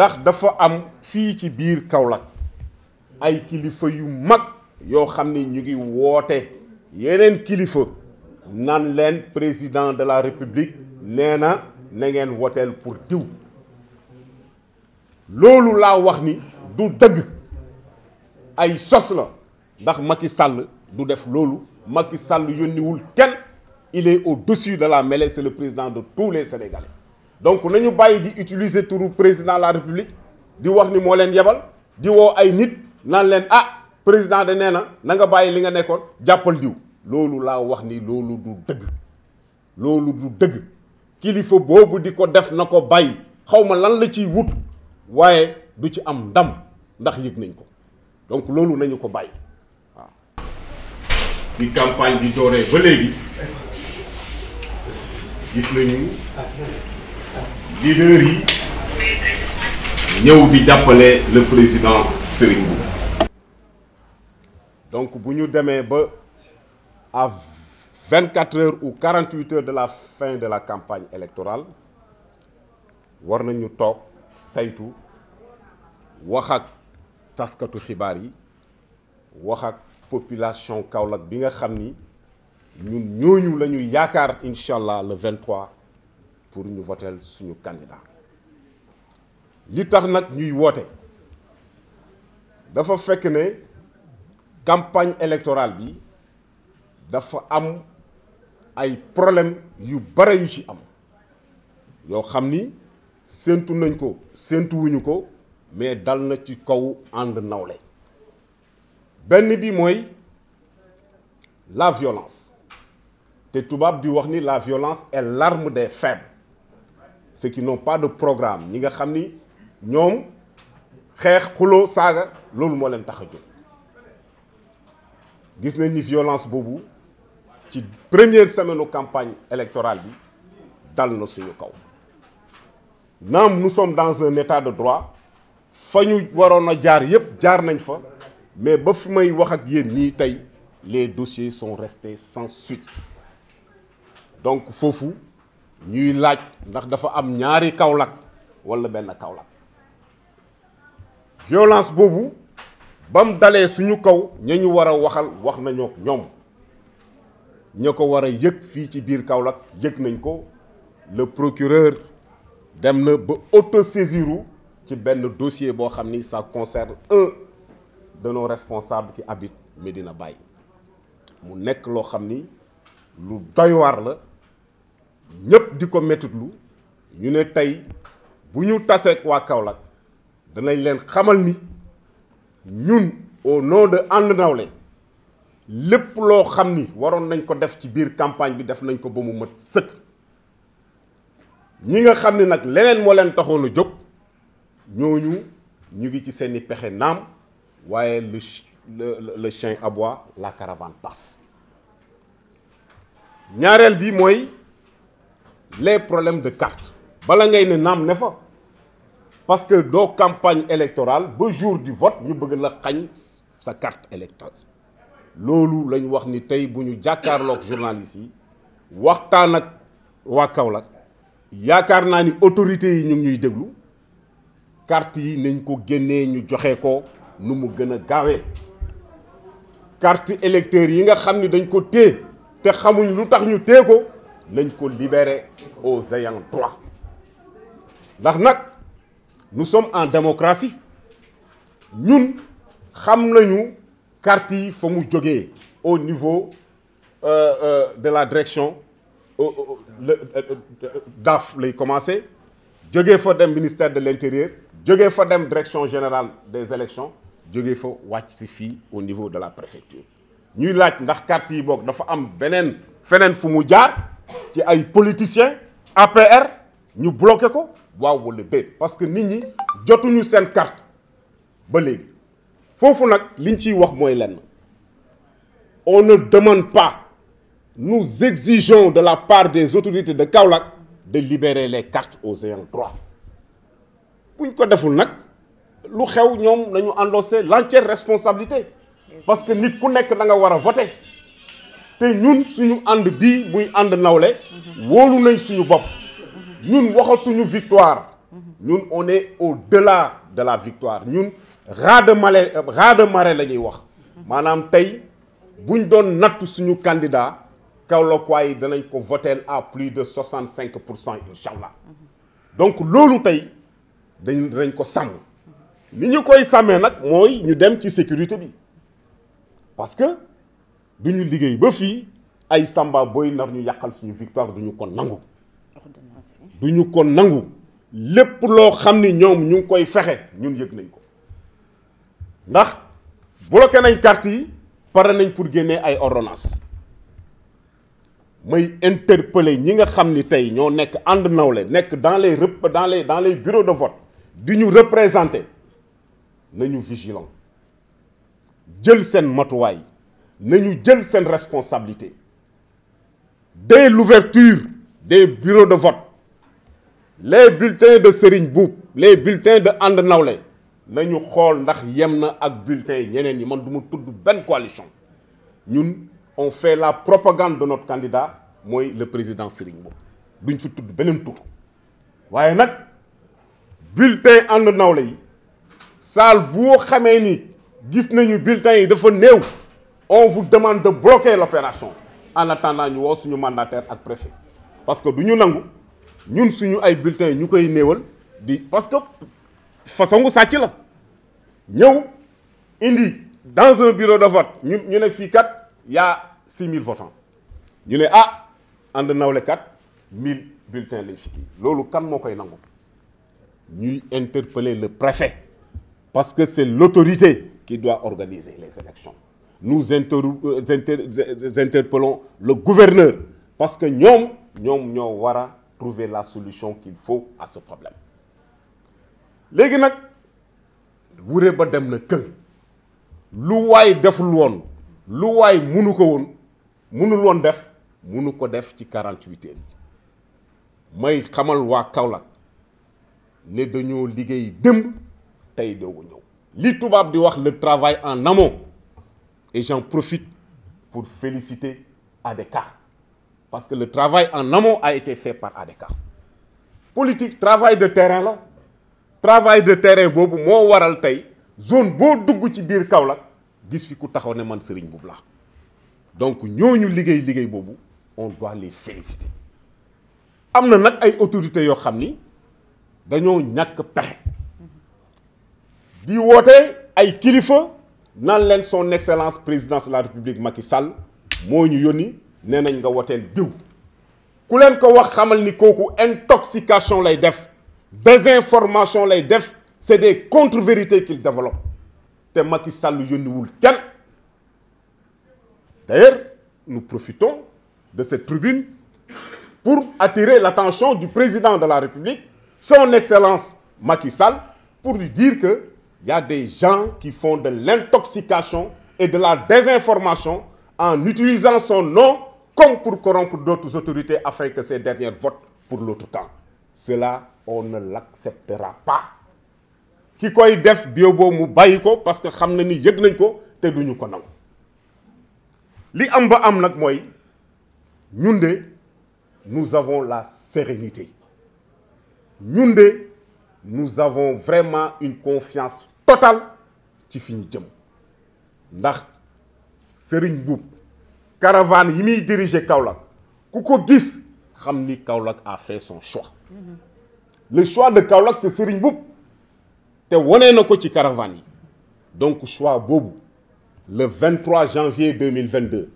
ndax dafa am fii ci biir Kaolack ay kilifa yu mag yoo xam ne ñu ngi woote yeneen kilifa nan leen président de la république nee na na ngeen woteel pour diw loolu laa wax ni du dëgg ay sos la ndax Macky sàll du def loolu Macky sàll yónniwul kenn il est au-dessus de la mêlée c'est le président de tous les Sénégalais donc nañu bàyyi di utiliser tour président la république di wax ni moo leen yebal di woo ay nit naan leen ah président de nee na na nga bàyyi li nga nekkoon jàppal diw loolu laa wax ni loolu du dëgg loolu du dëgg kilifa boobu di ko def na ko bàyyi xaw ma lan la ciy wut waaye du ci am ndam ndax yëg nañ ko donc loolu nañu ko bàyyi waaw. bi campagne bi dooree ba léegi gis nañu. leader yi ñëw di jàppale le président Serigne Mboup donc bu ñu demee ba à vingt quatre heures ou quarante huit heures de la fin de la campagne électorale war ñu toog saytu wax ak taskatu xibaar yi wax ak population Kaolack bi nga xam ni ñun ñooñu la ñu yaakaar incha allah le vingt trois pour ñu voteel suñu candidat li tax nag ñuy woote dafa fekk ne campagne électorale bi dafa am ay problème yu bare yu ci am yoo xam ni séentu nañ ko séentuwuñu ko mais dal na ci kaw ànd nawle benn bi mooy la violence te tubaab di wax ni la violence est de des ceux qui n'ont pas de programme ñi nga xam ni ñoom xeex xuloo saaga loolu moo leen tax a jóg gis nañ ni violence boobu ci première semaine campagne électorale bi dal na suñu kaw naam nous sommes dans un état de droit fa ñu waroon a jaar yépp jaar nañ fa mais ba fi may wax ak yéen nii tey les dossiers sont restés sans suite donc foofu ñuy laaj ndax dafa am ñaari Kaolack walla benn Kaolack violence boobu ba dalee suñu kaw ña ñu war a waxal wax nañoo ñoom ña ko war a yëg fii ci biir Kaolack yëg nañ ko le procureur dem na ba autosaisiru ci benn dossier boo xam ni ça concerne un de nos responsables qui habite Médina Baye mu nekk loo xam ni lu doy waar la. di ko métitlu ñu ne tey bu ñu taseek waa Kaolack danañ leen xamal ni ñun au nom de ànd lépp loo xam ni waroon nañ ko def ci biir campagne bi def nañ ko ba mu mat sëkk ñi nga xam ne nag leneen moo leen taxoon a jóg ñooñu ñu ngi ci seeni pexe naam waaye le le chien aboie la caravane passe ñaareel bi mooy les problèmes de carte bala ngay ne naam ne fa parce que doo campagne électorale ba jour du vote ñu bëgg la xañ sa carte électorale loolu lañu wax ni tey bu ñu jàkkaarloog journalistes yi waxtaan ak waa Kaolack yaakaar naa ni autorités yi ñu ngi ñuy déglu carte yi nañ ko génnee ñu joxe ko nu mu gën a gaawee carte électeurs yi nga xam ni dañ ko téye te xamuñ lu tax ñu téye ko nañ ko libérer aux ayants droit ndax nag nous sommes en démocratie ñun xam nañu carte fa mu jógee au niveau euh, euh, de la direction euh, DAF lay commencé jógee fa dem ministère de l'intérieur jógee fa dem direction général des élections jógee fa wàcc si fii au niveau de la préfecture ñuy laaj ndax carte yi boog dafa am beneen feneen fu mu jaar ci ay politiciens APR ñu bloqué ko waaw wala déet parce que nit ñi jotuñu seen carte ba léegi foofu nag liñ ciy wax mooy lenn on ne demande pas nous exigeons de la part des autorités de Kaolack de libérer les cartes aux ayants droit buñ ko deful nag lu xew ñoom nañu endosser l'entière responsabilité parce que nit ku nekk na nga war a voter te ñun suñu ànd bii muy ànd nawle wóolu nañ suñu bopp ñun waxatuñu victoire ñun on est au-delà de la victoire ñun raz de marée raz de la ñuy wax maanaam tey buñ doon natt suñu candidat Kaolackois yi danañ ko voter à plus de 65 pour cent incha allah donc loolu tey dañ danañ ko sàmm ni ñu koy sàmmee nag mooy ñu dem ci sécurité bi parce du ñu liggéey ba fii ay samba booy nar ñu yàqal suñu victoire du ñu ko nangu du ñu ko nangu lépp loo xam ni ñoom ñu ngi koy fexe ñun yëg nañ ko ndax bloqué nañ carte yi pare nañ pour génnee ay ordonnance may interpeller ñi nga xam ni tey ñoo nekk ànd nawle nekk dans les rep dans les dans les bureaux de vote di ñu représenter nañu vigilant jël seen matuwaay nañu jël seen responsabilité dès l'ouverture des bureaux de vote les bulletins de Serigne Boub les bulletins de And Nawlé nañu xool ndax yem na ak bulletins yi ñeneen yi man du ma tudd benn coalition ñun on fait la propagande de notre candidat mooy le président Serigne Boub duñ fi tudd beneen tur waaye nag bulletin And Nawlé yi saal boo xamee ni gis nañu bulletins yi dafa néew on vous demande de bloquer l'opération en attendant ñu woo suñu mandataire ak préfet parce que du ñu nangu ñun suñu ay bulletins ñu koy néewal di parce que façon gu sàcc la ñëw indi dans un bureau de vote ñu ñu ne fii kat y'a six mille votants ñu ne ah ànd nawle kat mille bulletin lañ fi loolu kan moo koy nangu ñuy interpeller le préfet parce que c'est l'autorité qui doit organiser les élections nous inter interpellons le gouverneur parce que ñoom ñoom ñoo war a trouver la solution qu'il faut à ce problème léegi nag wure ba dem na këng lu waay deful woon lu waay munu ko woon munul woon def munu ko def ci 48 heures yi may xamal waa Kaolack ne dañoo liggéey démb tey doogu ñëw li tubaab di wax le travail en amont Et j'en profite pour féliciter ADECA. Parce que le travail en namo a été fait par ADECA. Politique, travail de terrain la Travail de terrain boobu moo waral tey zone boo dugg ci biir Kaolack gis fi ku taxaw ne man Serigne Mboup laa donc ñooñu liggéey liggéey boobu on doit les féliciter. am na nag ay autorités yoo xam ni dañoo ñàkk pexe di woote ay kilifa. nan leen son excellence présidence de la république Macky Sall moo ñu yónni nee nañ nga woteel diw ku leen ko wax xamal ni kooku intoxication lay def désinformation lay def c'est des contre vérité qu'il développe te Macky Sall yónniwul kenn d'ailleurs nous profitons de cette tribune pour attirer l'attention du président de la République son excellence Macky Sall pour lu dire que il des gens qui font de l'intoxication et de la désinformation en utilisant son nom comme pour corrompre d'autres autorités afin que ces dernières votent pour l'autre camp. Cela, on ne l'acceptera pas. ki koy def biobo mu bàyyi ko parce que xam na ni yëg nañ ko te duñu ko nangu li am ba am nag mooy ñun de nous avons la sérénité ñun de nous avons vraiment une confiance totale ci fi ñu jëm ndax Serigne Mboup caravane yi muy diriger Kaolack ku ko gis xam ni Kaolack a fait son choix mm-hmm. le choix de Kaolack c'est Serigne te wone na ko ci caravane yi donc choix boobu le 23 janvier 2022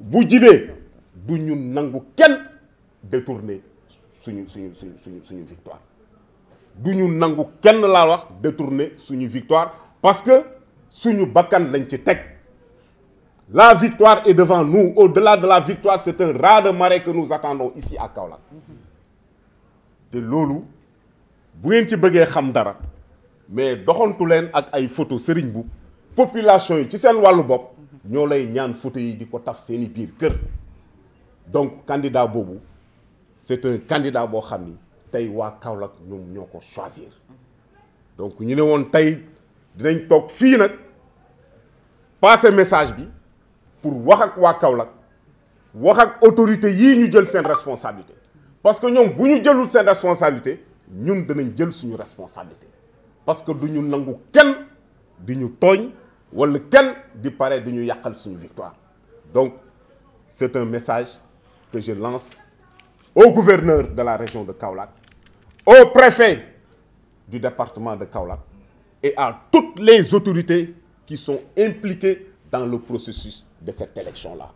bu jibee du ñu nangu kenn détourner suñu suñu suñu suñu suñu victoire du ñu nangu kenn laa wax détourner suñu victoire parce que suñu bakkan lañ ci teg la victoire et devant nous au-delà de la victoire c'est un raz-de-marée que nous attendons ici ak Kaolack te loolu bu ngeen ci bëggee xam dara mais doxantu leen ak ay photo Serigne Mboup population yi ci seen wàllu bopp ñoo lay ñaan photo yi di ko taf seeni biir kër donc candidat boobu c'est un candidat boo xam ni tey waa Kaolack ñoom ñoo ko choisir donc ñu ne woon tey dinañ toog fii nag passer message bi pour wax ak waa Kaolack wax ak autorité yii ñu jël seen responsabilité parce que ñoom bu ñu jëlul seen responsabilité ñun danañ jël suñu responsabilité parce que du ñu nangu kenn di ñu tooñ wala kenn di pare du ñu yàqal suñu victoire donc c'est un message que je lance au gouverneur de la région de Kaolack au préfet du département de Kaolack et à toutes les autorités qui sont impliquées dans le processus de cette élection-là.